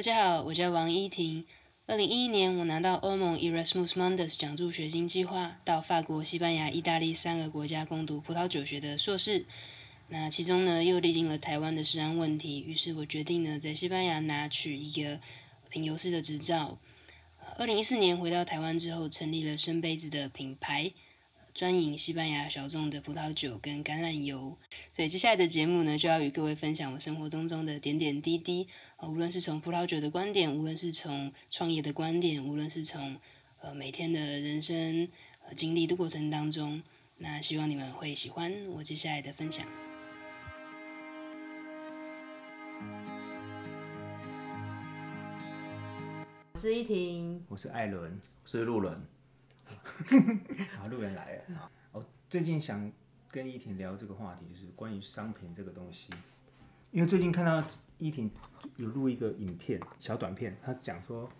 大家好，我叫王依婷。二零一一年，我拿到歐盟 Erasmus Mundus 獎助學金計劃，到法國、西班牙、意大利三個國家攻讀葡萄酒學的碩士。那其中呢，又歷經了台灣的食安問題，於是我決定呢，在西班牙拿取一個品酒師的執照。二零一四年回到台灣之後，成立了深杯子的品牌。專營西班牙小眾的葡萄酒跟橄欖油，所以接下來的節目呢，就要與各位分享我生活當中，中的點點滴滴。無論是從葡萄酒的觀點，無論是從創業的觀點，無論是從呃每天的人生、呃、經歷的過程當中，那希望你們會喜歡我接下來的分享。我是依婷。我是艾倫。我是路人。 好，路人來了。我最近想跟依婷聊這個話題，就是關於商品這個東西。因為最近看到依婷有錄一個影片，小短片，他講說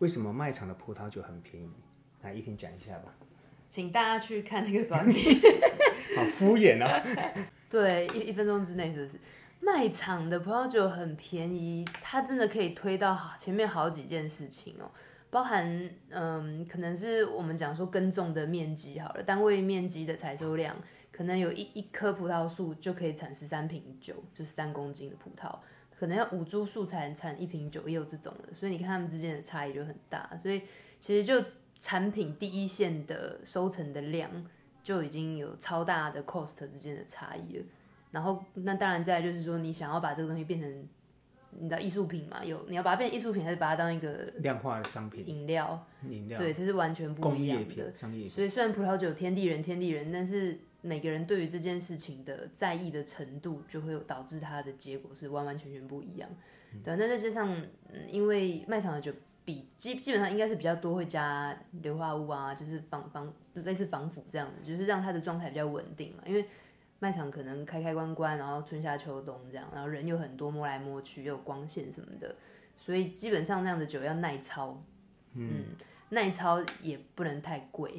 為什麼賣場的葡萄酒很便宜？來，依婷講一下吧。請大家去看那個短片。 好敷衍啊，哦。 對，一一分鐘之內，是不是？賣場的葡萄酒很便宜，它真的可以推到前面好幾件事情哦。包含，嗯，可能是我們講說耕種的面積好了，單位面積的採收量，可能有一一棵葡萄樹就可以產十三瓶酒，就是三公斤的葡萄，可能要五株樹才產一瓶酒，也有這種的，所以你看他們之間的差異就很大，所以其實就產品第一線的收成的量就已經有超大的 cost 之間的差異了，然後那當然再來就是說你想要把這個東西變成你的藝術品嘛，有你要把它變藝術品，還是把它當一個量化的商品？飲料，飲料，對，這是完全不一樣的。工業品，商業品。所以雖然葡萄酒天地人天地人，但是每個人對於這件事情的在意的程度，就會導致它的結果是完完全全不一樣。嗯、對，那再加上、嗯，因為賣場的酒比基基本上應該是比較多會加硫化物啊，就是防防類似防腐這樣的，就是讓它的狀態比較穩定嘛，因為。賣場可能開開關關，然後春夏秋冬這樣，然後人有很多，摸來摸去，又有光線什麼的，所以基本上那樣的酒要耐操，嗯，嗯耐操也不能太貴，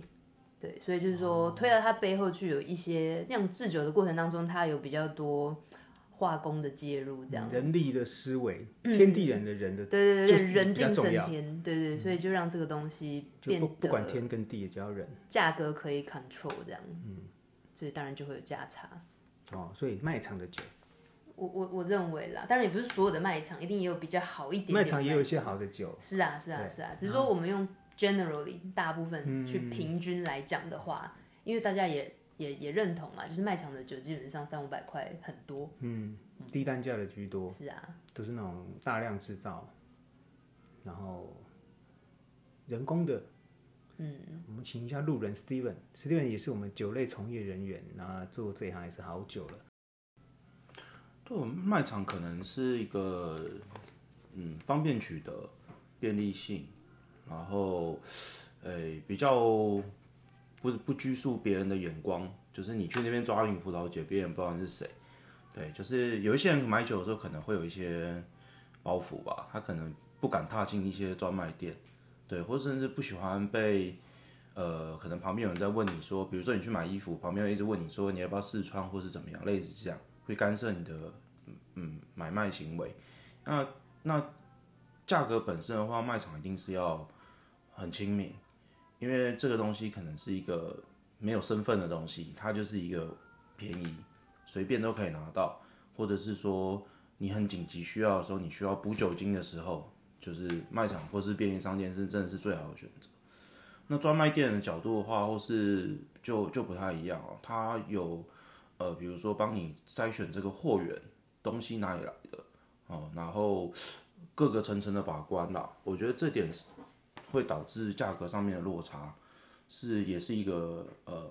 對，所以就是說、嗯、推到它背後去有一些釀製酒的過程當中，它有比較多化工的介入，這樣人力的思維，天地人的、嗯、人的對對對，對人定勝天，對對，對、嗯，所以就讓這個東西變得不不管天跟地也，只要人價格可以 control 這樣，嗯。所以當然就會有價差，哦，所以賣場的酒，我我我認為啦，當然也不是所有的賣場一定也有比較好一點點賣場，賣場也有一些好的酒，是啊是啊是啊，只是說我們用 generally 大部分去平均來講的話，嗯，因為大家也也也認同嘛，就是賣場的酒基本上三五百塊很多，嗯，低單價的居多，是啊，都是那種大量製造，然後人工的。嗯，我們請一下路人 Steven，Steven Steven 也是我們酒類從業人員，那做這一行也是好久了。對，賣場可能是一個，嗯，方便取得便利性，然後，誒，比較不不拘束別人的眼光，就是你去那邊抓一瓶葡萄酒，別人不知道你是誰。對，就是有一些人買酒的時候可能會有一些包袱吧，他可能不敢踏進一些專賣店。對，或者甚至不喜歡被，呃，可能旁邊有人在問你說，比如說你去買衣服，旁邊一直問你說你要不要試穿，或是怎麼樣，類似這樣會干涉你的，嗯，買賣行為。那那價格本身的話，賣場一定是要很親民，因為這個東西可能是一個沒有身份的東西，它就是一個便宜，隨便都可以拿到，或者是說你很緊急需要的時候，你需要補酒精的時候。就是賣場或是便利商店是真的是最好的選擇。那專賣店的角度的話，或是就就不太一樣哦。它有，呃，比如說幫你篩選這個貨源，東西哪裡來的哦，然後各個層層的把關啦。我覺得這點會導致價格上面的落差是，是也是一個呃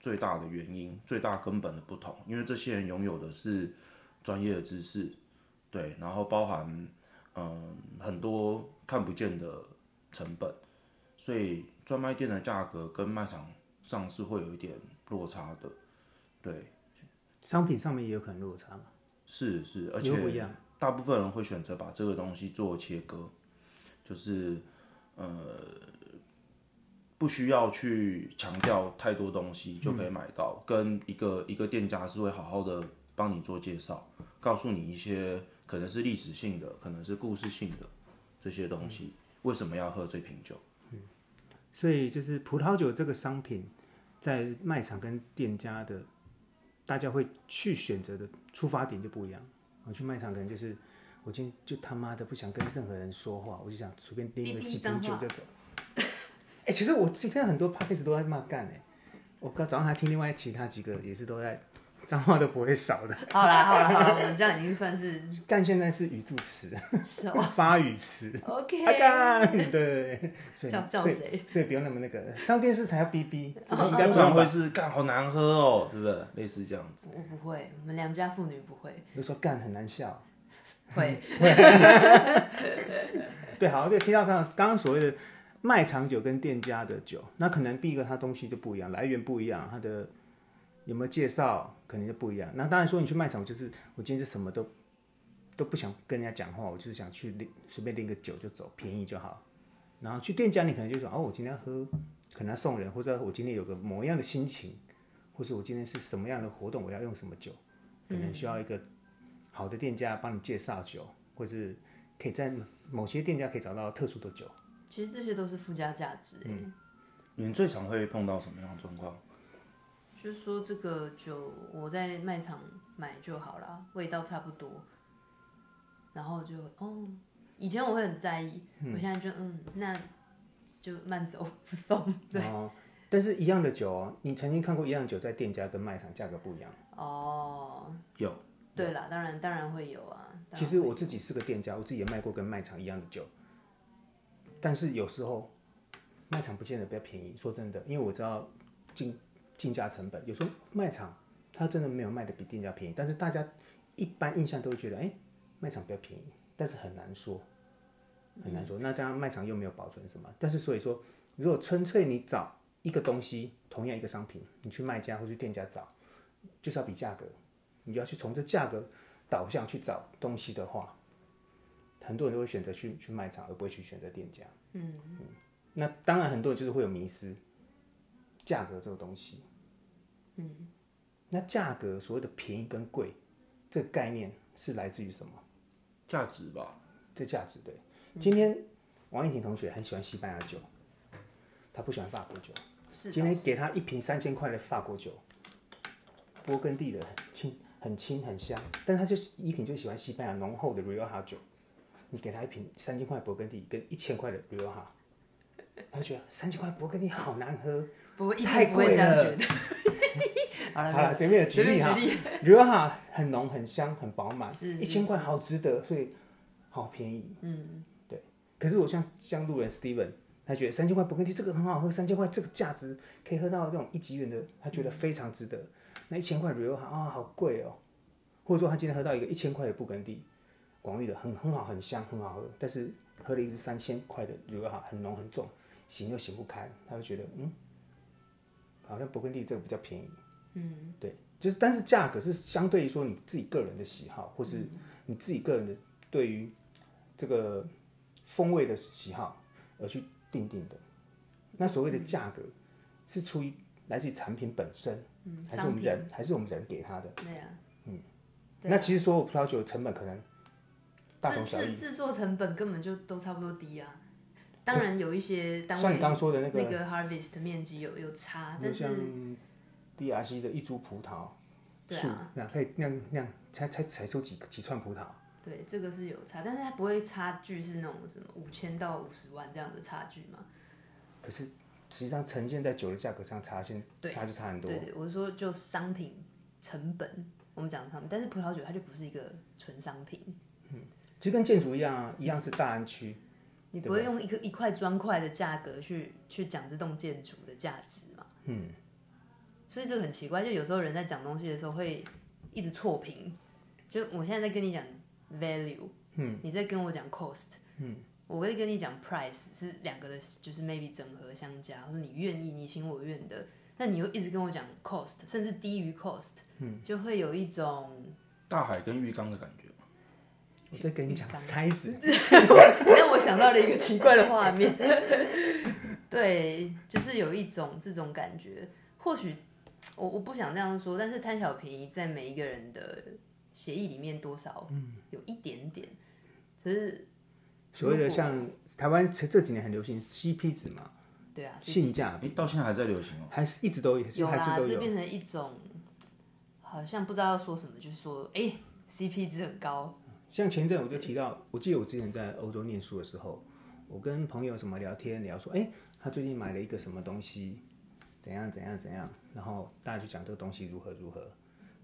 最大的原因，最大根本的不同。因為這些人擁有的是專業的知識，對，然後包含。嗯，很多看不見的成本，所以專賣店的價格跟賣場上是會有一點落差的。對，商品上面也有可能落差嘛。是是，而且，大部分人會選擇把這個東西做切割，就是呃、嗯，不需要去強調太多東西就可以買到，嗯、跟一個一個店家是會好好的幫你做介紹，告訴你一些。可能是歷史性的，可能是故事性的，這些東西為什麼要喝這瓶酒？嗯，所以就是葡萄酒這個商品，在賣場跟店家的大家會去選擇的出發點就不一樣。我去賣場可能就是我今天就他媽的不想跟任何人說話，我就想隨便拎個幾瓶酒就走。哎、欸，其實我今天很多 podcast 都在罵幹呢。我剛早上還聽另外其他幾個也是都在。髒話都不會少的，哦。好了好了好了，好了好了 我們這樣已經算是，幹現在是語助詞，發語詞。OK can。幹的，叫誰？所以不用那麼那個，上電視才要逼逼，應該不，要不要哦哦哦哦哦會是幹好難喝哦，是不是？類似這樣子。我不會，我們良家婦女不會。就說幹很難笑。會。 對，好，對，聽到剛剛所謂的賣場酒跟店家的酒，那可能第一個它東西就不一樣，來源不一樣，它的。有沒有介紹，可能就不一樣。那當然說你去賣場，我就是我今天是什麼都都不想跟人家講話，我就是想去拎隨便拎個酒就走，便宜就好。然後去店家，你可能就說哦，我今天要喝可能要送人，或者我今天有個某樣的心情，或是我今天是什麼樣的活動，我要用什麼酒，可能需要一個好的店家幫你介紹酒，或是可以在某些店家可以找到特殊的酒。其實這些都是附加價值。嗯。你最常會碰到什麼樣的狀況？就是、說這個酒我在賣場買就好了，味道差不多。然後就哦，以前我會很在意，嗯、我現在就嗯，那就慢走不送。對、哦，但是一樣的酒哦、啊，你曾經看過一樣的酒在店家跟賣場價格不一樣？哦，有，對啦，當然當然會有啊會有。其實我自己是個店家，我自己也賣過跟賣場一樣的酒，但是有時候賣場不見得比較便宜。說真的，因為我知道進。進價成本有時候賣場它真的沒有賣得比店家便宜，但是大家一般印象都會覺得，哎、欸，賣場比較便宜，但是很難說，很難說。那家賣場又沒有保存什麼，但是所以說，如果純粹你找一個東西，同樣一個商品，你去賣家或去店家找，就是要比價格，你要去從這價格導向去找東西的話，很多人都會選擇去去賣場，而不會去選擇店家。嗯嗯。那當然很多人就是會有迷思價格這個東西。嗯，那價格所謂的便宜跟貴，這個概念是來自於什麼？價值吧，這價值對、嗯。今天王一婷同學很喜歡西班牙酒，他不喜歡法國酒。是。今天給他一瓶三千塊的法國酒，勃艮第的很輕、很輕、很香，但他就是一瓶就喜歡西班牙濃厚的 Rioja 酒。你給他一瓶三千塊勃艮第跟一千塊的 Rioja，他就覺得三千塊勃艮第好難喝，不會，太貴了。 好了，前面便舉例哈，Rioja ha, 很濃很香很飽滿，一千塊好值得，所以好便宜。嗯，對。可是我像像路人 Steven，他覺得三千塊布根地這個很好喝，三千塊這個價值可以喝到這種一級園的，他覺得非常值得。嗯、那一千塊 Rioja 啊好貴哦，喔，或者說他今天喝到一個一千塊的布根地，廣域的很很好很香很好喝，但是喝了一支三千塊的 Rioja 很濃很重，醒又醒不開，他就覺得嗯。好像勃艮第這個比較便宜，嗯，對，就是但是價格是相對於說你自己個人的喜好，或是你自己個人的、嗯、對於這個風味的喜好而去定定的。那所謂的價格是出於來自於產品本身，還是我們人，還是我們人給他的？對啊，嗯，啊、那其實說葡萄酒成本可能大同小異。製製作成本根本就都差不多低啊。當然有一些單位像你剛說的那個那個 harvest 的面積有有差，但是像，DRC 的一株葡萄，對啊，那那那才才才收幾幾串葡萄，對，這個是有差，但是它不會差距是那種什麼五千到五十萬這樣的差距嗎？可是實際上呈現在酒的價格上差，差現差就差很多。對，對，對，我是說就商品成本，我們講他們，但是葡萄酒它就不是一個純商品。嗯，其實跟建築一樣啊，一樣是大安區。你不會用一個一塊磚塊的價格去去講這棟建築的價值嘛。嗯，所以就很奇怪，就有時候人在講東西的時候會一直錯評。就我現在在跟你講 value，嗯，你在跟我講 cost，嗯，我會跟你講 price 是兩個的，就是 maybe 整合相加，或者你願意你情我願的，那你又一直跟我講 cost，甚至低於 cost，嗯，就會有一種大海跟浴缸的感覺。我在跟你講塞子，讓 我想到了一個奇怪的畫面。 對，就是有一種這種感覺。或許我我不想這樣說，但是貪小便宜在每一個人的協議裡面多少、嗯、有一點點，可是所謂的像台灣這幾年很流行 CP 值嘛？對啊，性價比、欸、到現在還在流行哦、喔，還是一直都還是有、啊、還是都有變成一種，好像不知道要說什麼，就是說哎、欸、CP 值很高。像前陣我就提到，我記得我之前在歐洲念書的時候，我跟朋友什麼聊天聊說，哎、欸，他最近買了一個什麼東西，怎樣怎樣怎樣，然後大家就講這個東西如何如何。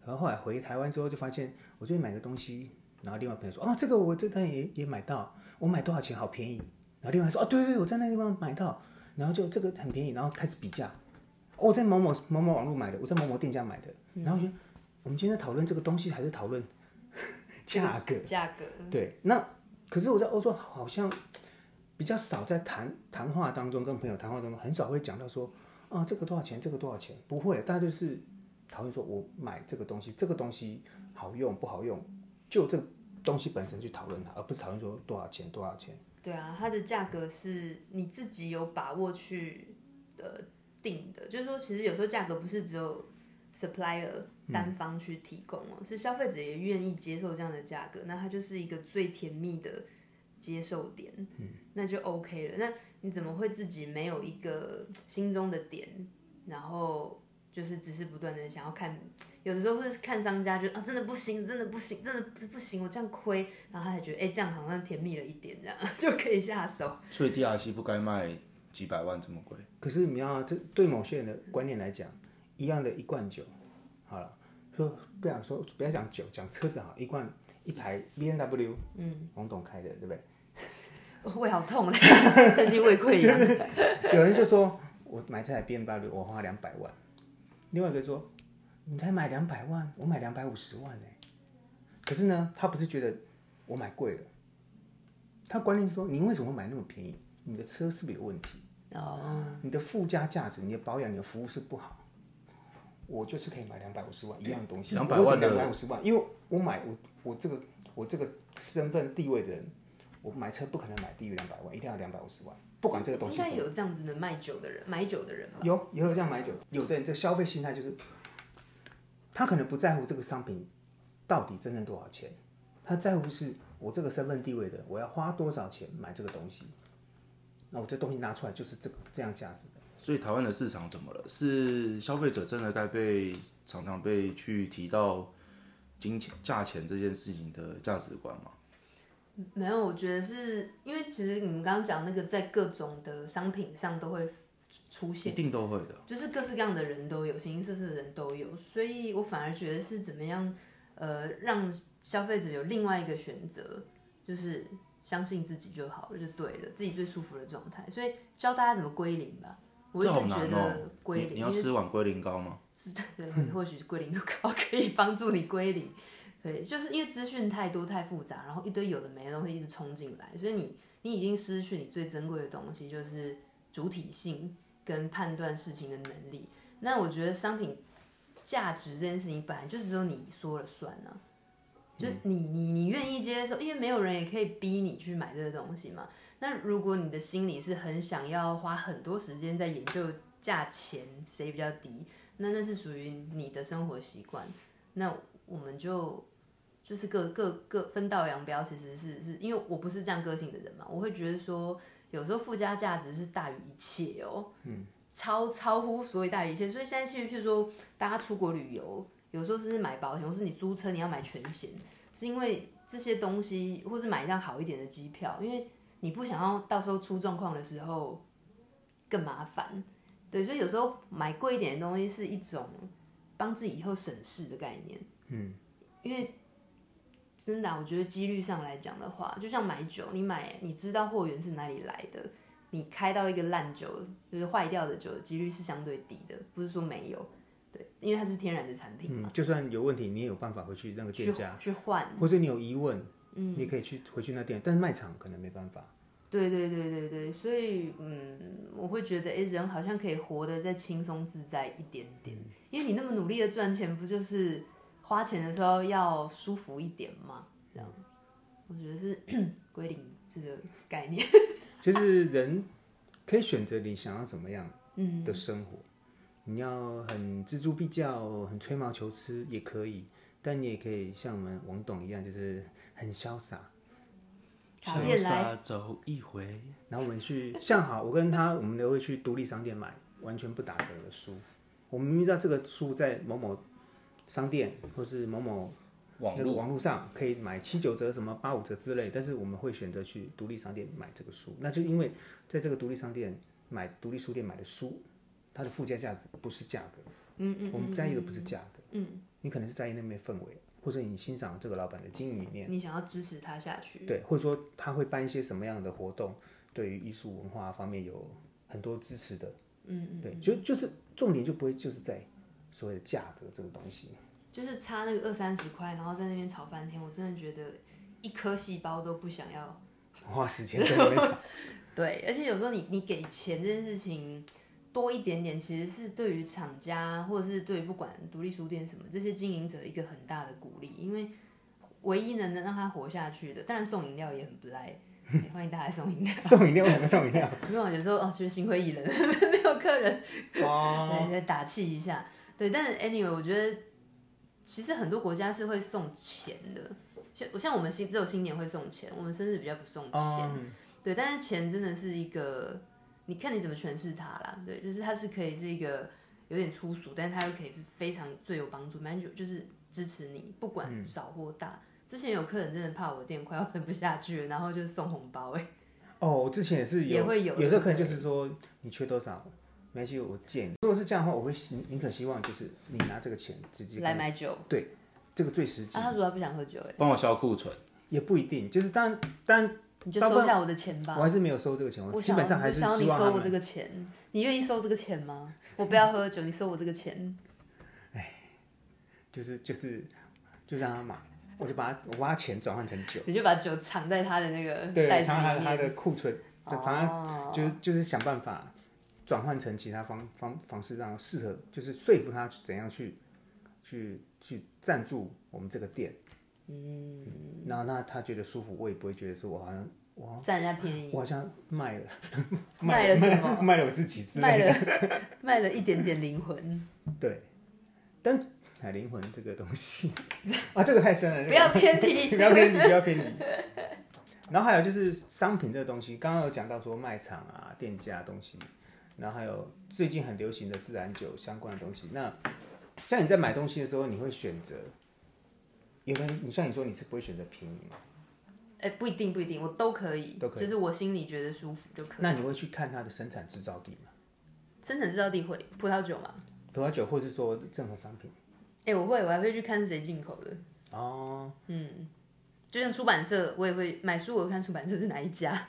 然後後來回台灣之後就發現，我最近買個東西，然後另外朋友說，哦，這個我這趟也也買到，我買多少錢，好便宜。然後另外還說，哦，對，對對，我在那個地方買到，然後就這個很便宜，然後開始比價，哦，我在某某某某網絡買的，我在某某店家買的，然後就我覺得、嗯、我們今天討論這個東西，還是討論。價格，價格，對，那可是我在歐洲好像比較少在談談話當中，跟朋友談話當中很少會講到說啊，這個多少錢，這個多少錢，不會，大家就是討論說，我買這個東西，這個東西好用不好用，就這東西本身去討論它，而不是討論說多少錢，多少錢。對啊，它的價格是你自己有把握去的定的，就是說，其實有時候價格不是只有 supplier。單方去提供哦，是消費者也願意接受這樣的價格，那它就是一個最甜蜜的接受點，嗯，那就 OK 了。那你怎麼會自己沒有一個心中的點，然後就是只是不斷的想要看，有的時候會是看商家覺得啊，真的不行，真的不行，真的不行，我這樣虧，然後他才覺得哎，欸，這樣好像甜蜜了一點，這樣就可以下手。所以 DRC 不該賣幾百萬這麼貴。可是你要啊，對某些人的觀念來講，嗯，一樣的一罐酒好了，所以不要說，不要講酒，講車子好，一罐一排 BMW，嗯，王董開的、嗯，對不對？胃好痛嘞、啊，最 是胃潰瘍。有人就說，我買這台 BMW，我花兩百萬。另外一個說，你才買兩百萬，我買兩百五十萬呢、欸。可是呢，他不是覺得我買貴了，他觀念是說，你為什麼買那麼便宜？你的車是不是有問題？哦，嗯、你的附加價值，你的保養，你的服務是不好。我就是可以買兩百五十萬一樣東西，兩、欸、百萬兩百五十萬，因為我買我我這個我這個身份地位的人，我買車不可能買低於兩百萬，一定要兩百五十萬，不管這個東西。應該有這樣子的賣酒的人，買酒的人。有也有這樣買酒，有的人這個、消費心態就是，他可能不在乎這個商品到底真正多少錢，他在乎是我這個身份地位的，我要花多少錢買這個東西，那我這東西拿出來就是這個這樣價值的。所以台灣的市場怎麼了？是消費者真的該被常常被去提到金錢價錢這件事情的價值觀嗎？沒有，我覺得是因為其實你們剛剛講那個在各種的商品上都會出現，一定都會的，就是各式各樣的人都有，形形色色的人都有，所以我反而覺得是怎麼樣，呃，讓消費者有另外一個選擇，就是相信自己就好了，就對了，自己最舒服的狀態。所以教大家怎麼歸零吧。我一直覺得歸零、哦你，你要吃碗龜苓膏嗎？是的，或許龜苓膏可以幫助你歸零。 對，就是因為資訊太多太複雜，然後一堆有的沒的東西一直衝進來，所以你你已經失去你最珍貴的東西，就是主體性跟判斷事情的能力。那我覺得商品價值這件事情，本來就只有你說了算呢，啊嗯。就你你你願意接受，因為沒有人也可以逼你去買這個東西嘛。那如果你的心裡是很想要花很多時間在研究價錢誰比較低，那那是屬於你的生活習慣。那我們就就是各各各分道揚鑣，其實是是，是因為我不是這樣個性的人嘛。我會覺得說，有時候附加價值是大於一切哦。嗯。超超乎所謂大於一切，所以現在其實就是說，大家出國旅遊，有時候是買保險，或是你租車你要買全險，是因為這些東西，或是買一張好一點的機票，因為。你不想要到時候出狀況的時候更麻煩，對，所以有時候買貴一點的東西是一種幫自己以後省事的概念。嗯，因為真的啊，我覺得幾率上來講的話，就像買酒，你買你知道貨源是哪裡來的，你開到一個爛酒，就是壞掉的酒，幾率是相對低的，不是說沒有。對，因為它是天然的產品嘛，嗯，就算有問題，你也有辦法回去那個店家去換，或者你有疑問，嗯，你可以去回去那店，但是賣場可能沒辦法。對對對對對，所以嗯，我會覺得哎、欸，人好像可以活得再輕鬆自在一點點、嗯，因為你那麼努力的賺錢，不就是花錢的時候要舒服一點嗎？這、嗯、樣，我覺得是歸零這個概念。其、就、實、是、人可以選擇你想要怎麼樣的生活，嗯、你要很錙銖必較、很吹毛求疵也可以，但你也可以像我們王董一樣，就是很瀟灑。瀟灑走一回，然後我們去像好，我跟他，我們都會去獨立商店買，完全不打折的書。我們明知道這個書在某某商店或是某某那個網絡上可以買七九折什麼八五折之類，但是我們會選擇去獨立商店買這個書。那就因為在這個獨立商店買獨立書店買的書，它的附加價值不是價格，嗯嗯，我們在意的不是價格，嗯，你可能是在意那邊氛圍。或者你欣賞這個老闆的經營理念，你想要支持他下去，對，或者說他會辦一些什麼樣的活動，對於藝術文化方面有很多支持的，嗯嗯，嗯，對，就就是重點就不會就是在所謂的價格這個東西，就是差那個二三十塊，然後在那邊炒半天，我真的覺得一顆細胞都不想要，花時間在裡面炒， 對，而且有時候你你給錢這件事情。多一點點，其實是對於廠家，或者是對於不管獨立書店什麼這些經營者一個很大的鼓勵，因為唯一能能讓他活下去的，當然送飲料也很不賴、 欸，歡迎大家送飲料，送飲料我們送飲料，我沒有送飲料 因為有時候哦其實心灰意冷， 沒有客人、oh. 對，打氣一下，對，但是 anyway 我覺得其實很多國家是會送錢的，像像我們新只有新年會送錢，我們生日比較不送錢，oh. 對，但是錢真的是一個。你看你怎麼詮釋它了，對，就是它是可以是一個有點粗俗，但是它又可以是非常最有幫助 m a 就是支持你，不管少或大、嗯。之前有客人真的怕我的店快要撐不下去然後就送紅包哎、欸。哦，我之前也是也會有，有時候可能就是說你缺多少沒 a 我借你。如果是這樣的話，我會寧可希望就是你拿這個錢直接來買酒。對，這個最實際。啊、他說他不想喝酒哎，幫我消庫存。也不一定，就是當當。你就收下我的錢吧。我還是沒有收這個錢，我，我基本上還是希望。我想要你收我這個錢，你願意收這個錢嗎？我不要喝酒， 你收我這個錢。哎，就是就是就讓他買，我就把他我把他錢轉換成酒，你就把酒藏在他的那個對，藏在他的庫存，反、哦、正就是就是想辦法轉換成其他方方方式讓他，讓適合就是說服他怎樣去去去贊助我們這個店。嗯，那、嗯、那他覺得舒服，我也不會覺得說我好像我占人家便宜，我好像賣了賣，賣了賣了，賣了我自己的，賣了賣了一點點靈魂。對，但買靈魂這個東西啊，這個太深了、這個，不要偏題， 不要偏題，不要偏題。然後還有就是商品這個東西，剛剛有講到說賣場啊、店家的東西，然後還有最近很流行的自然酒相關的東西。那像你在買東西的時候，你會選擇？有人，你像你說，你是不會選擇便宜嗎？哎、欸，不一定，不一定，我都可以，都可以，就是我心裡覺得舒服就可以。那你會去看它的生產製造地嗎？生產製造地會。葡萄酒嗎？葡萄酒或者說任何商品。哎、欸，我會，我還會去看誰進口的哦，嗯，就像出版社，我也會買書，我看出版社是哪一家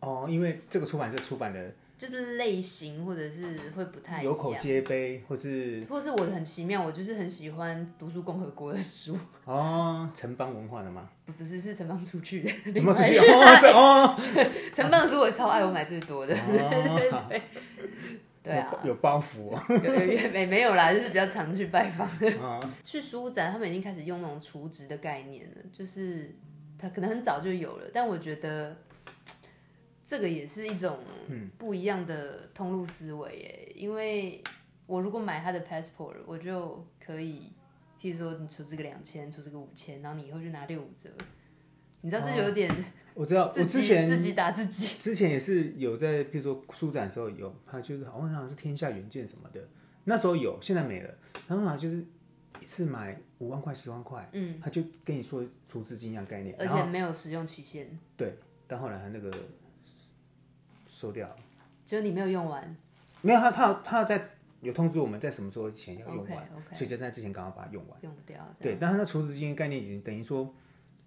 哦，因為這個出版社出版的。就是類型，或者是會不太有口皆碑，或是或是我的很奇妙，我就是很喜歡讀書共和國的書哦，城邦文化的嗎？不是，是城邦出去的，城邦出去哦，哦 城邦的書我超愛，我買最多的。哦、 對啊，有包袱、哦。 有沒沒有啦？就是比較常去拜訪、 哦、 去書展，他們已經開始用那種儲值的概念了，就是他可能很早就有了，但我覺得。這個也是一種不一樣的通路思維耶，嗯。因為我如果買他的 passport，我就可以，譬如說你出這個兩千，出這個五千，然後你以後就拿六五折。你知道這有點，嗯，我知道，我之前自己打自己，之前也是有在譬如說書展的時候有，他就是好像是天下遠見什麼的，那時候有，現在沒了。然後啊，就是一次買五萬塊、十萬塊，嗯，他就跟你說出資金一樣概念，而且沒有使用期限。對，但後來他那個。收掉，就是你沒有用完。沒有，他他他要在有通知我們在什麼時候錢要用完，okay, okay。所以就在之前剛好把它用完。用不掉，對。但他那儲值金概念已經等於說，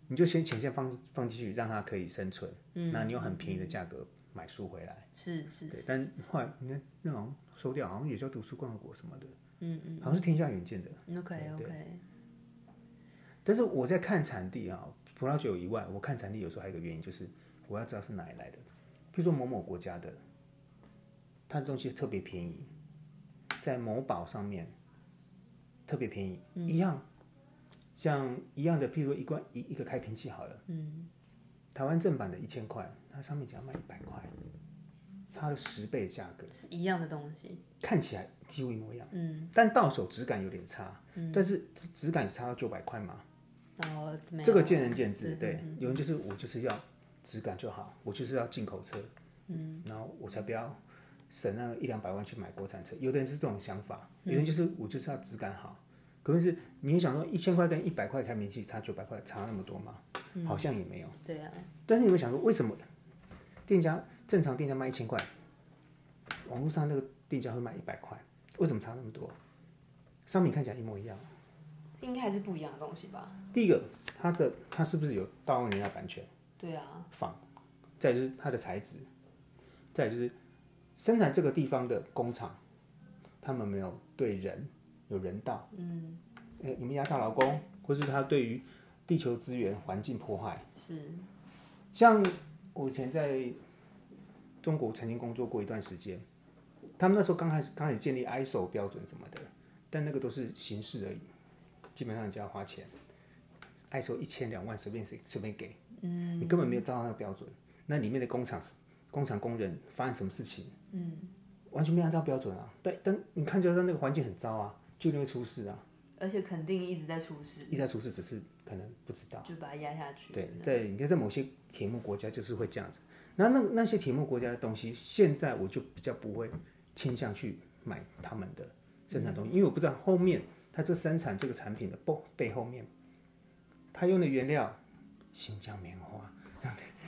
你就先錢先放放進去，讓他可以生存。嗯。那你用很便宜的價格買書回來。嗯、對是是是。但後來你看那好像收掉，好像也叫讀書逛過什麼的。嗯嗯。好像是天下遠見的。嗯、OK OK。但是我在看產地啊，葡萄酒以外，我看產地有時候還有一個原因，就是我要知道是哪裡來的。比如說某某國家的，它的東西特別便宜，在某寶上面特別便宜，嗯，一樣，像一樣的，譬如說一罐一一個開瓶器好了，嗯、台灣正版的一千塊，它上面只要賣一百塊，差了十倍價格，是一樣的東西，看起來幾乎一模一樣，嗯，但到手質感有點差，嗯、但是質質感差到九百塊嘛？哦，這個見仁見智，對，對對有人就是我就是要。質感就好，我就是要進口車，嗯，然後我才不要省那個一兩百萬去買國產車。有的人是這種想法，有的人就是我就是要質感好。嗯、可是你想說，一千塊跟一百塊開名氣差九百塊差那麼多嗎，嗯？好像也沒有。對啊，但是你會想說為什麼店家，正常店家賣一千塊，網絡上那個店家會賣一百塊？為什麼差那麼多？商品看起來一模一樣，應該還是不一樣的東西吧？第一個，它的它是不是有盜用家的版權？對啊，仿，再就是它的材質，再就是生產這個地方的工廠，他們沒有對人有人道，嗯，欸，你們壓榨勞工，或是他對於地球資源環境破壞，是，像我以前在中國曾經工作過一段時間，他們那時候剛開始剛開始建立 ISO 標準什麼的，但那個都是形式而已，基本上你就要花錢，ISO 一千兩萬隨便隨便給。嗯，你根本沒有照到那個標準，那裡面的工廠工廠工人發生什麼事情？嗯，完全沒有按照標準啊。對，但你看就是那個環境很糟啊，就因為出事啊。而且肯定一直在出事，一直在出事，只是可能不知道，就把它壓下去。對，在你看，在某些鐵幕國家就是會這樣子。那那那些鐵幕國家的東西，現在我就比較不會傾向去買他們的生產東西，嗯、因為我不知道後面他這生產這個產品的背後面，他用的原料。新疆棉花，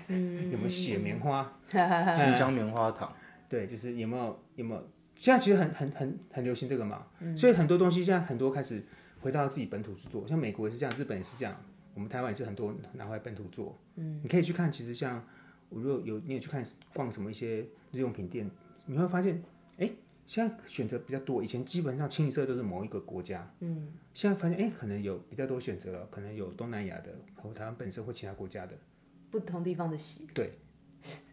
嗯、 有沒有血棉花？嗯、新疆棉花糖、嗯，對，就是有沒有有沒有？現在其實很很很很流行這個嘛、嗯，所以很多東西現在很多開始回到自己本土去做，像美國也是這樣，日本也是這樣，我們台灣也是很多拿回來本土做。嗯，你可以去看，其實像我如果有你也去看逛什麼一些日用品店，你會發現。現在選擇比較多，以前基本上清一色都是某一個國家，嗯，現在發現哎、欸，可能有比較多選擇了，可能有東南亞的，或台灣本身或其他國家的，不同地方的血，對，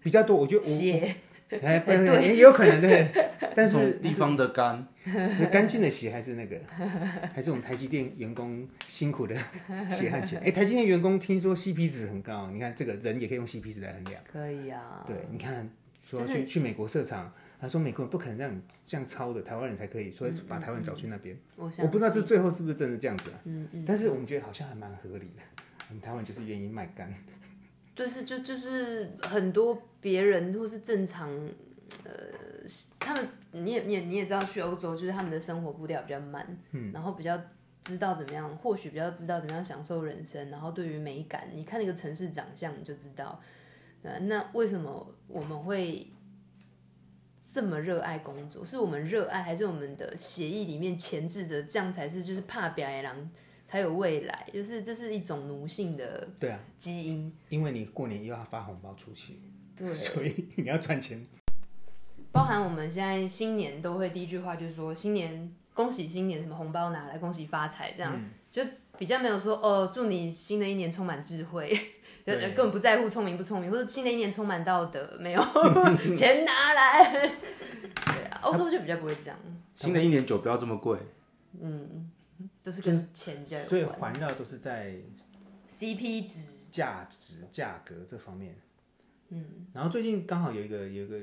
比較多。我覺得我血哎，也、欸欸欸，有可能的，但是地方的肝，乾淨的血還是那個， 還是我們台積電員工辛苦的血汗錢。哎，台積電員工聽說 CP 值很高，你看這個人也可以用 CP 值來衡量，可以啊，對，你看說去、就是、去美國設廠。他說：“美國人不可能讓你這樣抄的，台灣人才可以，所以把台灣找去那邊。嗯嗯嗯。我不知道這最後是不是真的這樣子啊，嗯嗯。但是我們覺得好像還蠻合理的。台灣就是願意賣肝。就是就就是很多別人或是正常，呃，他們你也你也你也知道，去歐洲就是他們的生活步調比較慢。嗯，然後比較知道怎麼樣，或許比較知道怎麼樣享受人生。然後對於美感，你看那個城市長相你就知道，呃，那為什麼我們會？”這麼熱愛工作，是我們熱愛，還是我們的協議裡面前置着？這樣才是就是怕表演狼才有未來，就是這是一種奴性的基因。對啊，基因。因為你過年又要發紅包出去，對，所以你要賺錢。包含我們現在新年都會第一句話就是說新年恭喜新年，什麼紅包拿來恭喜發財，這樣就比較沒有說哦，祝你新的一年充滿智慧。根本不在乎聰明不聰明，或者新的一年充滿道德沒有 錢拿來。對啊，歐洲就比較不會這樣。新的一年酒不要這麼貴。嗯，都是跟錢價，就是。所以環繞都是在 CP 值、價值、價格這方面。嗯，然後最近剛好有一個有一個，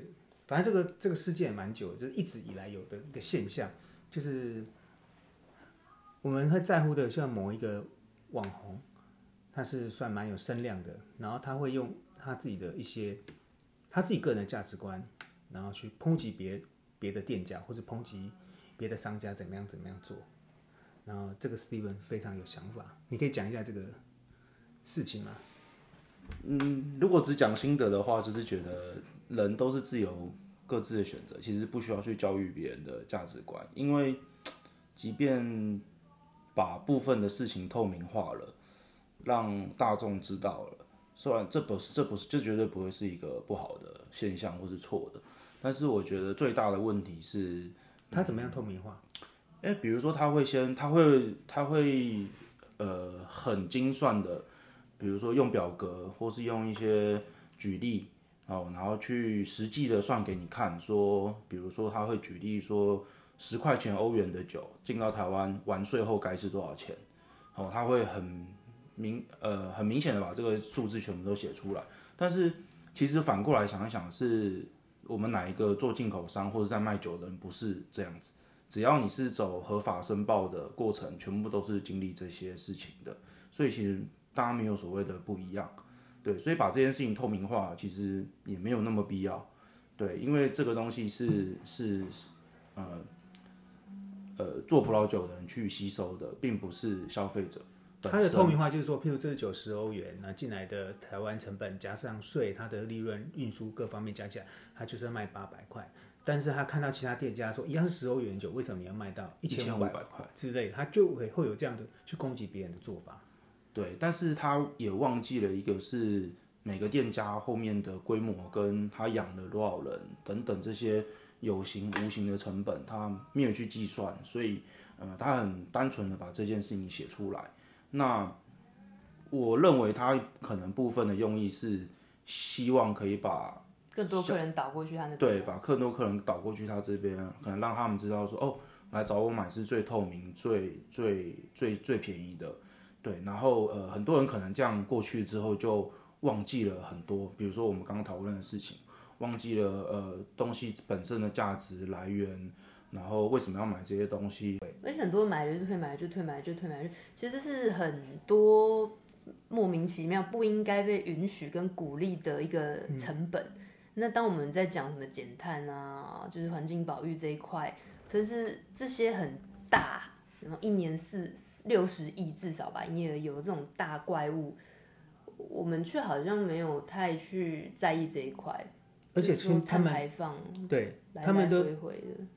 反正這個這個世界蠻久，就是一直以來有的一個現象，就是我們會在乎的，像某一個網紅。他是算蠻有聲量的，然後他會用他自己的一些他自己個人的價值觀，然後去抨擊別別的店家或者抨擊別的商家怎麼樣怎麼樣做，然後這個 Steven 非常有想法，你可以講一下這個事情嗎？嗯，如果只講心得的話，就是覺得人都是自由各自的選擇，其實不需要去教育別人的價值觀，因為即便把部分的事情透明化了，讓大眾知道了，雖然這不是這不是，這絕對不會是一個不好的現象或是錯的，但是我覺得最大的問題是，他怎麼樣透明化？哎、嗯欸，比如說他會先，他會他會，呃，很精算的，比如說用表格或是用一些舉例哦，然後去實際的算給你看，嗯，說，比如說他會舉例說，十塊錢歐元的酒進到台灣完稅後該是多少錢？哦，他會很。明呃很明顯的把這個數字全部都寫出來，但是其實反過來想一想，是我們哪一個做進口商或者在賣酒的人不是這樣子？只要你是走合法申報的過程，全部都是經歷這些事情的，所以其實大家沒有所謂的不一樣，對，所以把這件事情透明化其實也沒有那麼必要，對，因為這個東西是是呃呃做葡萄酒的人去吸收的，並不是消費者。它的透明化就是說，譬如這個酒十歐元，那進來的台灣成本加上稅，它的利潤、運輸各方面加起來，它就是賣八百塊。但是他看到其他店家說一樣是十歐元酒，為什麼你要賣到一千五百塊之類，他就會會有這樣的去攻擊別人的做法。對，但是他也忘記了一個是每個店家後面的規模跟他養了多少人等等這些有形無形的成本，他沒有去計算，所以呃，他很單純的把這件事情寫出來。那我認為他可能部分的用意是希望可以把更多客人導過去，他那邊、啊、對，把更多客人導過去他這邊，可能讓他們知道說哦，來找我買是最透明、最最最最便宜的。對，然後呃，很多人可能這樣過去之後就忘記了很多，比如說我們剛剛討論的事情，忘記了呃東西本身的價值來源。然後為什麼要買這些東西？而且很多買了就退，買了就退，買了就退，買了就……其實這是很多莫名其妙不應該被允許跟鼓勵的一個成本。嗯。那當我們在講什麼減碳啊，就是環境保育這一塊，可是這些很大，然後一年四六十億至少吧，因為有這種大怪物，我們卻好像沒有太去在意這一塊。而且他們排放，對，他們都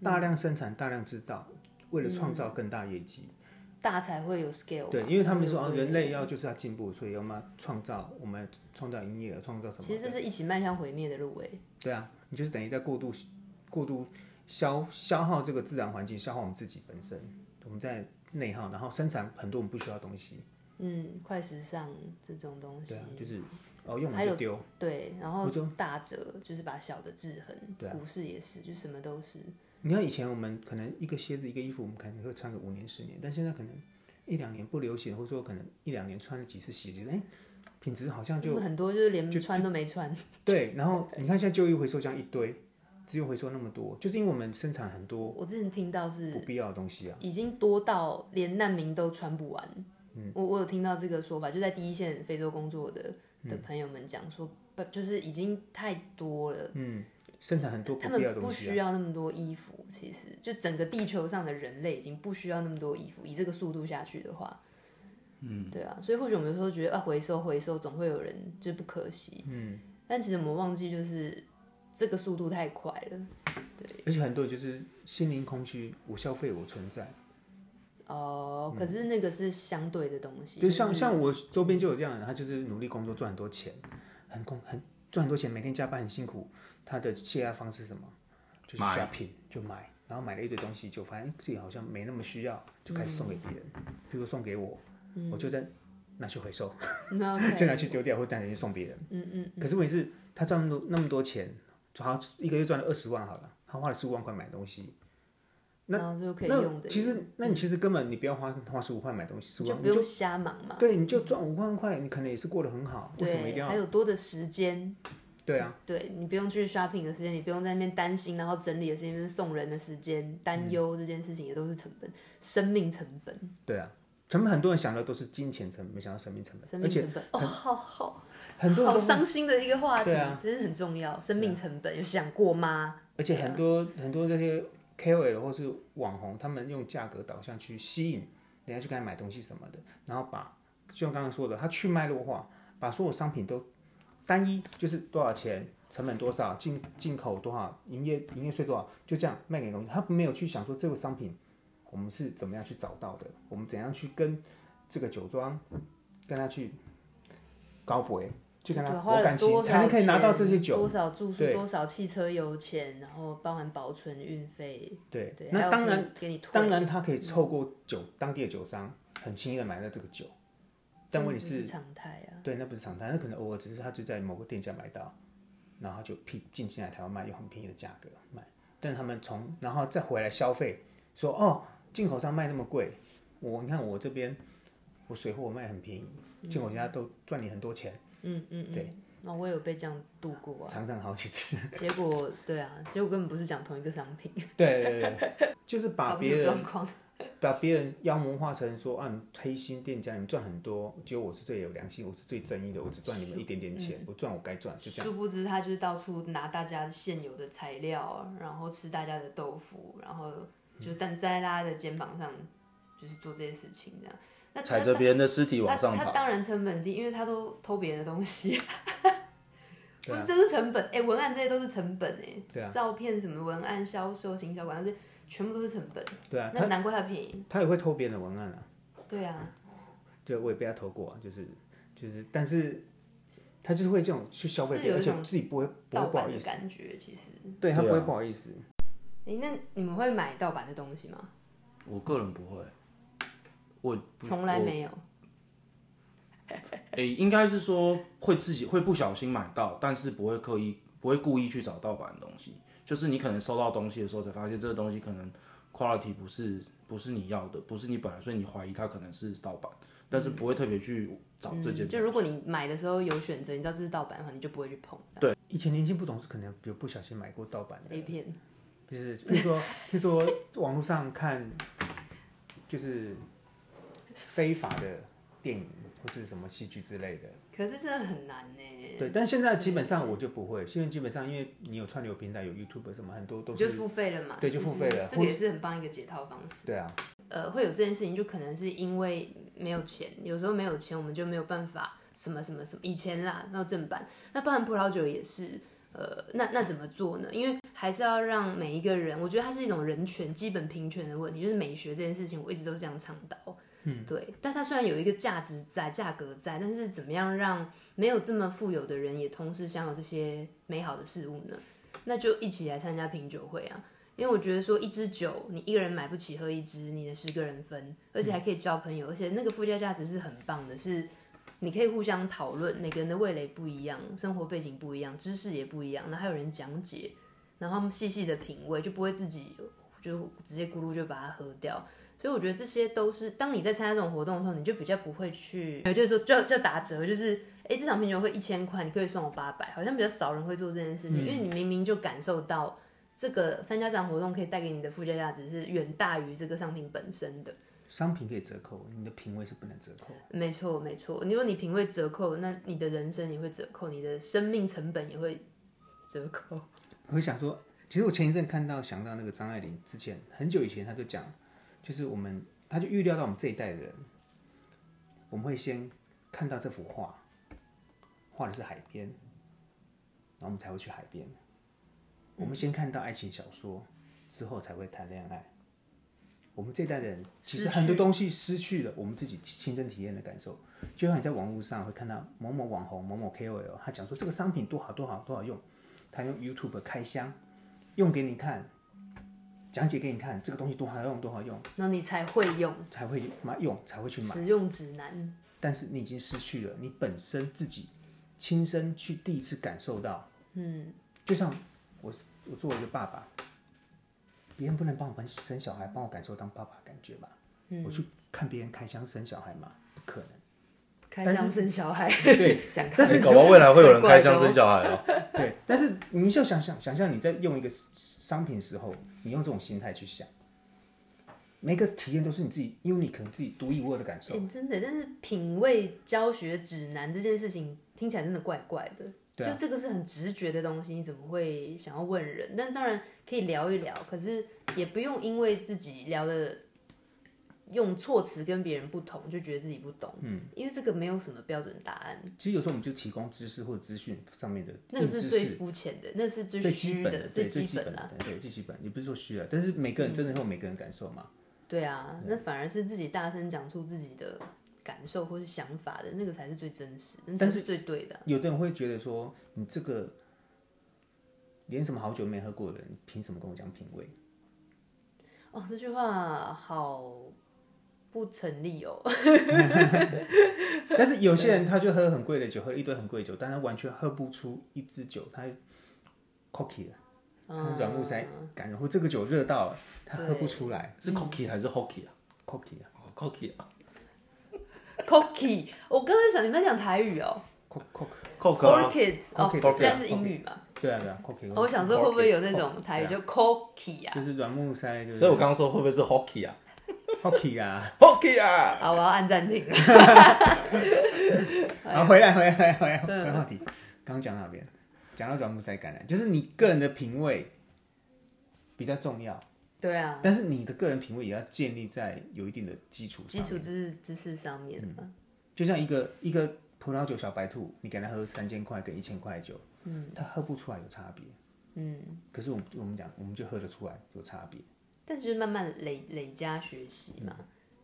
大量生產、大量制造，為了創造更大業績、嗯，大才會有 scale。對，因為他們說啊，人、哦、類要就是要進步，所以我們要創造，我們創造營業額，創造什麼？其實這是一起邁向毀滅的路哎、欸。對啊，你就是等於在過度過度消消耗這個自然環境，消耗我們自己本身，我們在內耗，然後生產很多我們不需要的東西。嗯，快時尚這種東西，對啊，就是。哦，用完就丟還有，對，然後大折就是把小的制衡，對啊，股市也是，就什麼都是。你看以前我們可能一個鞋子、一個衣服，我們可能會穿個五年十年，但現在可能一兩年不流行，或者說可能一兩年穿了幾次鞋子，哎，品質好像就很多就是連穿都沒穿。對，然後你看現在舊衣回收箱一堆，只有回收那麼多，就是因為我們生產很多。我之前聽到是不必要的東西啊，已經多到連難民都穿不完。嗯，我我有聽到這個說法，就在第一線非洲工作的。嗯、的朋友們講說，不就是已經太多了？嗯，生產很多、啊，他們不需要那麼多衣服。其實，就整個地球上的人類已經不需要那麼多衣服。以這個速度下去的話，嗯，對啊，所以或許我們有時候覺得啊，回收回收，總會有人，就是不可惜。嗯，但其實我們忘記，就是這個速度太快了。對，而且很多人就是心靈空虛，我消費，我存在。哦、oh, 嗯，可是那個是相對的東西，就像、嗯、像我週邊就有這樣的人，他就是努力工作賺很多錢，很工很賺很多錢，每天加班很辛苦，他的卸壓方式是什麼？就是 shopping 就買，然後買了一堆東西，就發現自己好像沒那麼需要，就開始送給別人、嗯，譬如說送給我，嗯、我就在拿去回收，okay. 就拿去丟掉，或帶拿去送別人。嗯，嗯嗯。可是問題是，他賺那麼多那麼多錢，他一個月賺了二十萬好了，他花了十五萬塊買東西。那，那就可以用的。其實，那你其實根本你不要花、嗯、花十五塊買東西，是吧？就不用瞎忙嘛。對，你就賺五萬塊、嗯，你可能也是過得很好。對，為什麼一定要還有多的時間。對啊。對，你不用去 shopping 的時間，你不用在那邊擔心，然後整理的時間、就是、送人的時間、擔憂這件事情，也都是成本、嗯，生命成本。對啊，成本很多人想的都是金錢成本，沒想到生命成本。生命成本哦，好好。很多人。好傷心的一個話題。真是、啊啊、很重要，生命成本、啊、有想過嗎？而且很多、啊、很多這些。KOL 或是網紅，他們用價格導向去吸引人家去跟他買東西什麼的，然後把就像剛剛說的，他去脈絡化，把所有商品都單一，就是多少錢，成本多少，進進口多少，營業營業稅多少，就這樣賣給農民。他沒有去想說這個商品我們是怎麼樣去找到的，我們怎樣去跟這個酒莊跟他去高博。對，花了多少才能可以拿到這些酒，多少，多少住宿，多少汽車油錢，然後包含保存運費。對對，那當然給你。當然，他可以透過酒、嗯、當地的酒商很輕易的買到這個酒，但問題是常態啊。對，那不是常態，那可能偶爾只是他就在某個店家買到，然後就批進進來台灣賣，用很便宜的價格賣。但他們從然後再回來消費，說哦，進口商賣那麼貴，我你看我這邊我水貨我賣很便宜，嗯、進口家都賺你很多錢。嗯嗯對，那、哦、我也有被這樣度過啊，啊常常好幾次。結果對啊，結果根本不是講同一個商品。對，對對 就是把別人把別人妖魔化成說按、啊、黑心店家，你們賺很多，結果我是最有良心，我是最正義的，我只賺你們一點點錢，嗯、我賺我該賺，就這樣、嗯。殊不知他就是到處拿大家現有的材料，然後吃大家的豆腐，然後就站在大家的肩膀上、嗯，就是做這些事情這樣。那踩着別人的屍體往上他，他當然成本低，因為他都偷別人的東西， 不是這是成本哎、啊欸，文案這些都是成本哎、欸啊，照片什麼文案、銷售、行銷管，這全部都是成本，對啊，那難怪他便宜。他，他也會偷別人的文案啊，對啊，對，我也被他偷過，就是就是，但是他就是會這種去消費別人，而且自己不會不會不好的感覺，其實對他不會不好意思。哎、啊欸，那你們會買盜版的東西嗎？我個人不會。我從來沒有。哎，應該是說會自己會不小心買到，但是不會刻意，不會故意去找盜版的東西。就是你可能收到東西的時候才發現這個東西可能 quality 不是不是你要的，不是你本來，所以你懷疑它可能是盜版，但是不會特別去找這件事。就如果你買的時候有選擇，你知道這是盜版的話，你就不會去碰。對，以前年輕不懂事，可能有不小心買過盜版的 A 片就是譬如說譬如說網絡上看就是。非法的電影或是什麼戲劇之類的，可是真的很難呢。對，但現在基本上我就不會。現在基本上因為你有串流平台，有 YouTube 什麼很多都是你就付費了嘛，對，就是，就付費了。這個也是很棒一個解套方式。對啊，呃，會有這件事情，就可能是因為沒有錢。有時候沒有錢，我們就沒有辦法什麼什麼什麼。以前啦，那正版。那不然葡萄酒也是，呃，那那怎麼做呢？因為還是要讓每一個人，我覺得它是一種人權、基本平權的問題。就是美學這件事情，我一直都是這樣倡導。嗯、對，但它雖然有一個價值在，價格在，但是怎麼樣讓沒有這麼富有的人也同時享有這些美好的事物呢？那就一起來參加品酒會啊！因為我覺得說一支酒你一個人買不起喝一支，你的十個人分，而且還可以交朋友，嗯、而且那個附加價值是很棒的，是你可以互相討論，每個人的味蕾不一樣，生活背景不一樣，知識也不一樣，那還有人講解，然後細細的品味，就不會自己就直接咕嚕就把它喝掉。所以我覺得這些都是，當你在參加這種活動的時候，你就比較不會去，就是說就就打折，就是哎、欸，這場品酒會一千塊，你可以算我八百，好像比較少人會做這件事情，嗯、因為你明明就感受到這個參加這場活動可以帶給你的附加價值是遠大於這個商品本身的。商品可以折扣，你的品味是不能折扣。沒錯，沒錯。你說你品味折扣，那你的人生也會折扣，你的生命成本也會折扣。我會想說，其實我前一陣看到想到那個張愛玲，之前很久以前她就講。就是我們，他就預料到我們這一代的人，我們會先看到這幅畫，畫的是海邊，然後我們才會去海邊。我們先看到愛情小說，之後才會談戀愛。我們這一代的人其實很多東西失去了我們自己親身體驗的感受。就像你在網絡上會看到某某網紅、某某 KOL，他講說這個商品多好多好多好用，他用 YouTube 開箱，用給你看。講解給你看，這個東西多好用，多好用，那你才會用，才會他用，用，才會去買使用指南。但是你已經失去了你本身自己親身去第一次感受到，嗯，就像我，我作為一個爸爸，別人不能幫我生小孩，幫我感受當爸爸的感覺吧，嗯，我去看別人開箱生小孩嘛，不可能。開箱生小孩， 對，想開，但是狗未來會有人開箱生小孩啊。 對，但是你就想想想象你在用一個商品的時候，你用這種心態去想，每個體驗都是你自己，因為你可能自己獨一無二的感受。欸、真的，但是品味教學指南這件事情聽起來真的怪怪的。對啊，就這個是很直覺的東西，你怎麼會想要問人？但當然可以聊一聊，可是也不用因為自己聊的。用措辭跟別人不同，就覺得自己不懂。嗯，因為這個沒有什麼標準答案。其實有時候我們就提供知識或者資訊上面的，的，那是最膚淺的，那是最虛的，最基本的，對，對，基的，啊、對最基本你不是說虛啊？但是每個人真的會有每個人感受嘛？嗯、對啊，那反而是自己大聲講出自己的感受或是想法的那個才是最真實，但是，是最對的，啊。有的人會覺得說，你這個連什麼好酒沒喝過的人，你憑什麼跟我講品味？哦，這句話好。不成立哦， 但是有些人他就喝很貴的酒，喝一堆很貴的酒，但他完全喝不出一支酒，他 cocky 的，軟、啊、木塞感覺後這個酒熱到了他喝不出來，是 cocky 還是 hockey 啊？cocky 啊、嗯？cocky 啊？cocky。我剛才想你們講台語哦，cock cock cocky 啊，哦 Coke，oh, 現在是英語嘛？Cokey, Cokey, Cokey 對啊對啊，cocky。Cokey, Cokey, Cokey. 我想說會不會有那種台語叫 cocky 啊？就是軟木塞、就是，所以我剛剛說會不會是 hockey 啊？OK 啊 OK 啊，好，我要按暫停。 好，回來，回來，回來，換話題。剛剛講到哪邊？講到軟木塞感染，就是你個人的品味比較重要。對啊。但是你的個人品味也要建立在有一定的基礎、基礎知識知識上面、嗯、就像一個一個葡萄酒小白兔，你給他喝三千塊跟一千塊酒、嗯，他喝不出來有差別。嗯。可是我們我們講，我們就喝得出來有差別。但是就是慢慢累累加學習嘛。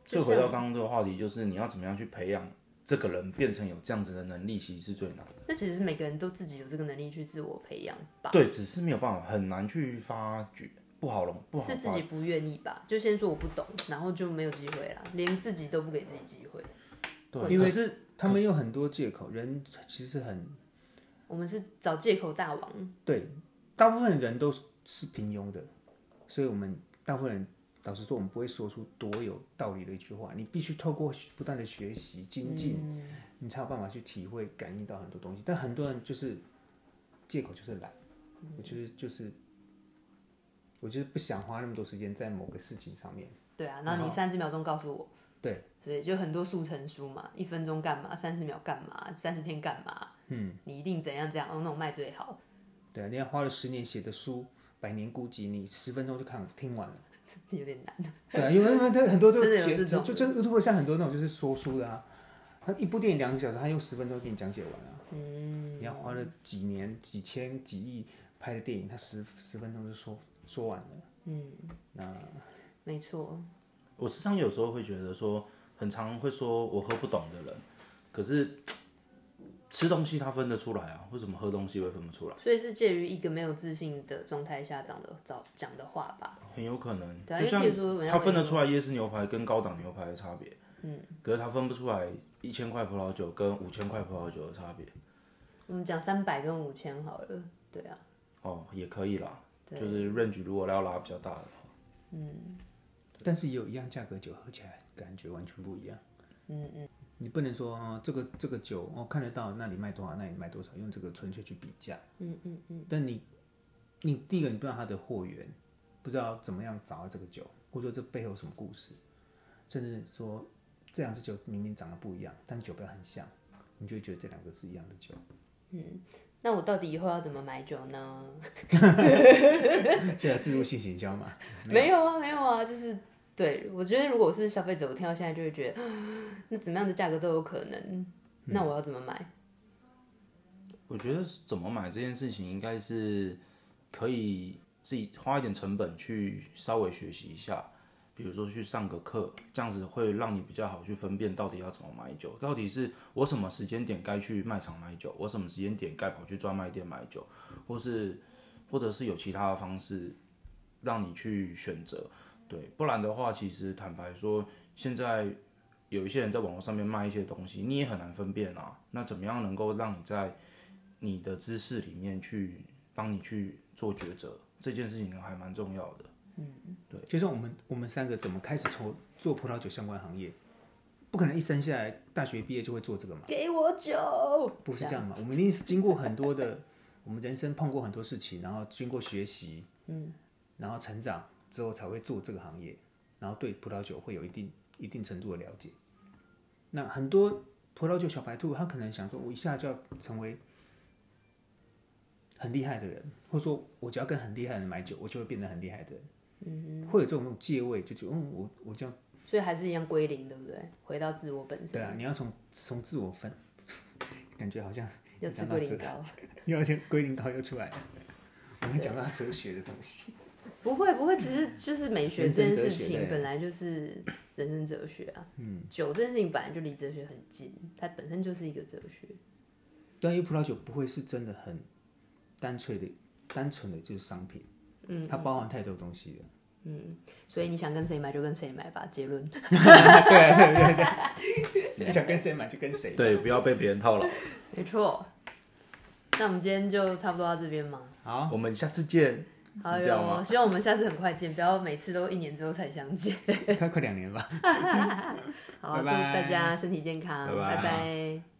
所以，嗯，回到剛剛這個話題，就是你要怎麼樣去培養這個人變成有這樣子的能力，其實是最難的。那、嗯、其實是每個人都自己有這個能力去自我培養吧？對，只是沒有辦法，很難去發掘。不好了，不好，是自己不願意吧？就先說我不懂，然後就沒有機會了，連自己都不給自己機會。對，因為是他們有很多借口。人其實很，我們是找借口大王。對，大部分人都是是平庸的，所以我們。大部分人，老實說，我們不會說出多有道理的一句話。你必須透過不斷的學習精進、嗯，你才有辦法去體會、感應到很多東西。但很多人就是借口，就是懶、嗯，我就是就是，我就是不想花那麼多時間在某個事情上面。對啊，然後你三十秒鐘告訴我，對，所以就很多速成書嘛，一分鐘幹嘛，三十秒幹嘛，三十天幹嘛，嗯，你一定怎樣怎樣，哦，那種賣最好。對啊，你要花了十年寫的書。百年孤寂，你十分鐘就看聽完了， 有點難。對啊，因為很多都 有的就就真。如果像很多那種就是說書的啊，他一部電影兩個小時，他用十分鐘給你講解完了。嗯，你要花了幾年、幾千、幾億拍的電影，他十十分鐘就說說完了。嗯，那沒錯。我時常有時候會覺得說，很常會說我喝不懂的人，可是。吃東西他分得出來啊，為什麼喝東西會分不出來？所以是介於一個沒有自信的狀態下講的講的話吧，很有可能。對啊，就像他分得出來夜市牛排跟高檔牛排的差別，嗯，可是他分不出來一千塊葡萄酒跟五千塊葡萄酒的差別。我們講三百跟五千好了，對啊。哦，也可以啦，對，就是 range 如果要拉比較大的話，嗯，但是也有一樣價格酒喝起來感覺完全不一樣，嗯嗯。你不能說、哦、這個這個酒，我、哦、看得到，那裡賣多少，那裡賣多少，用這個純粹去比價。嗯嗯嗯。但你，你第一個，你不知道他的貨源，不知道怎麼樣找到這個酒，或者這背後有什麼故事，甚至說這兩支酒明明長得不一樣，但酒標很像，你就覺得這兩個是一樣的酒。嗯，那我到底以後要怎麼買酒呢？哈哈現在置入性行銷嘛。沒有啊，沒有啊，就是。對，我覺得如果是消費者，我聽到現在就會覺得，那怎麼樣的價格都有可能，那我要怎麼買？嗯，我覺得怎麼買這件事情，應該是可以自己花一點成本去稍微學習一下，比如說去上個課，這樣子會讓你比較好去分辨到底要怎麼買酒，到底是我什麼時間點該去賣場買酒，我什麼時間點該跑去專賣店買酒，或是或者是有其他的方式讓你去選擇。對，不然的話，其實坦白說，現在有一些人在網絡上面賣一些東西，你也很難分辨啊。那怎麼樣能夠讓你在你的知識裡面去幫你去做抉擇，這件事情還蠻重要的。嗯，對。其實我們我們三個怎麼開始從做葡萄酒相關行業，不可能一生下來大學畢業就會做這個嘛？給我酒。不是這樣嘛？我們一定是經過很多的， 我們人生碰過很多事情，然後經過學習，嗯，然後成長。之後才會做這個行業，然後對葡萄酒會有一定一定程度的了解。那很多葡萄酒小白兔，他可能想說，我一下就要成為很厲害的人，或者說，我只要跟很厲害的人買酒，我就會變成很厲害的人。嗯，會有這種那種借位，就覺得嗯，我我就所以還是一樣歸零，對不對？回到自我本身。對啊，你要從從自我分， 感覺好像要自歸零，又要先歸零，到後又，又出來了。我們講到哲學的東西。不會不會，其實就是美學這件事情本來就是人生哲學啊。嗯，酒這件事情本來就離哲學很近，它本身就是一個哲學。關於葡萄酒，不會是真的很單純的，單純的就是商品。嗯，它包含太多東西了。嗯，所以你想跟誰買就跟誰買吧。結論。 對啊，對對對。 你想跟誰買就跟誰買。 對，不要被別人套牢。沒錯。那我們今天就差不多到這邊嘛。好，我們下次見。好、哎、喲，希望我們下次很快見，不要每次都一年之後才相見。 快快兩年吧。 好 bye bye，祝大家身體健康，拜拜。Bye bye。